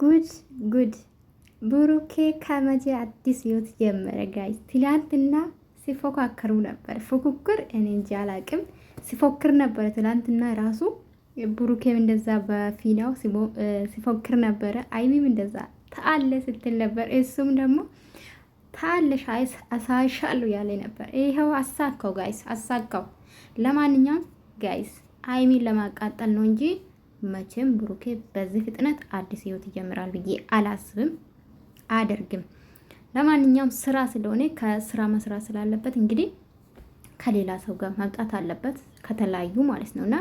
ጉድ ጉድ ብሩኬ ከመቼ አዲስ ህይወት ጀመረ? ጋይ ትላንትና ሲፎካከሩ ነበር። ፉክክር እኔ እንጂ አላቅም። ሲፎክር ነበረ ትላንትና ራሱ ብሩኬም እንደዛ በፊናው ሲፎክር ነበረ። አይሚም እንደዛ ታአለ ስትል ነበር። እሱም ደግሞ ታአለሽ አሳይሻሉ ያለ ነበር። ይኸው አሳካው ጋይስ፣ አሳካው። ለማንኛውም ጋይስ አይሚን ለማቃጠል ነው እንጂ መቼም ብሩኬ በዚህ ፍጥነት አዲስ ህይወት ይጀምራል ብዬ አላስብም አደርግም። ለማንኛውም ስራ ስለሆነ ከስራ መስራት ስላለበት እንግዲህ ከሌላ ሰው ጋር መምጣት አለበት ከተለያዩ ማለት ነው። እና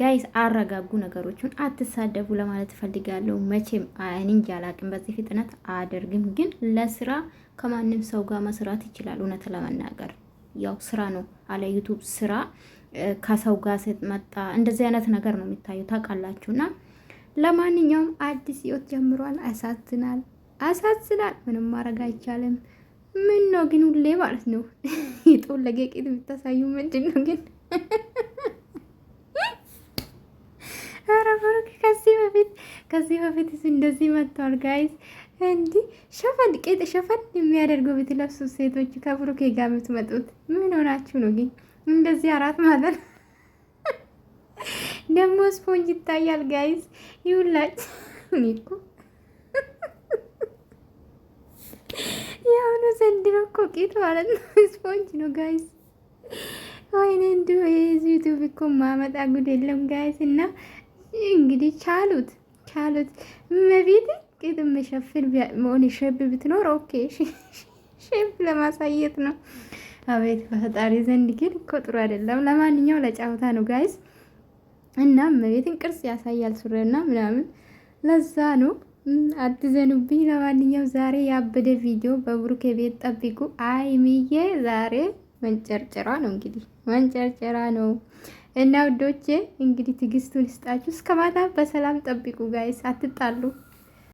ጋይስ አረጋጉ፣ ነገሮችን አትሳደቡ ለማለት እፈልጋለሁ። መቼም እንጃ አላቅም፣ በዚህ ፍጥነት አደርግም። ግን ለስራ ከማንም ሰው ጋር መስራት ይችላል። እውነት ለመናገር ያው ስራ ነው አለ ዩቱብ ስራ ከሰው ጋር ስትመጣ እንደዚህ አይነት ነገር ነው የሚታየው ታውቃላችሁ። እና ለማንኛውም አዲስ ህይወት ጀምሯል። አሳዝናል፣ አሳዝናል። ምንም ማድረግ አይቻልም። ምን ነው ግን ሁሌ ማለት ነው የጦር ለጌቄት የምታሳዩ ምንድን ነው ግን? ኧረ ብሩክ ከዚህ በፊት ከዚህ በፊት እንደዚህ መጥተዋል ጋይዝ እንዲ ሸፈን ቄጥ ሸፈን የሚያደርገው ለብሱ ሴቶች ከብሩኬ ጋር የምትመጡት ምን ሆናችሁ ነው ግን? እንደዚህ አራት ማለት ደግሞ ስፖንጅ ይታያል። ጋይዝ ይውላች እኮ የአሁኑ ዘንድሮ እኮ ማለት ነው ስፖንጅ ነው ጋይዝ። ወይኔ እንዲሁ ዩቲዩብ እኮ ማመጣ ጉድ የለም ጋይዝ። እና እንግዲህ ቻሉት ቻሉት መቤት ቂጥ መሸፍን መሆን ሸብ ብትኖር ኦኬ ሼፕ ለማሳየት ነው። አቤት በፈጣሪ ዘንድ ግን እኮ ጥሩ አይደለም። ለማንኛው ለጫወታ ነው ጋይስ እና መቤትን ቅርጽ ያሳያል ሱሪና ምናምን ለዛ ነው አትዘኑብኝ። ለማንኛው ዛሬ ያበደ ቪዲዮ በብሩኬ ቤት ጠብቁ። አይ ሚዬ ዛሬ መንጨርጨራ ነው እንግዲህ መንጨርጨራ ነው እና ውዶቼ እንግዲህ ትግስቱን ይስጣችሁ። እስከ ማታ በሰላም ጠብቁ ጋይስ፣ አትጣሉ።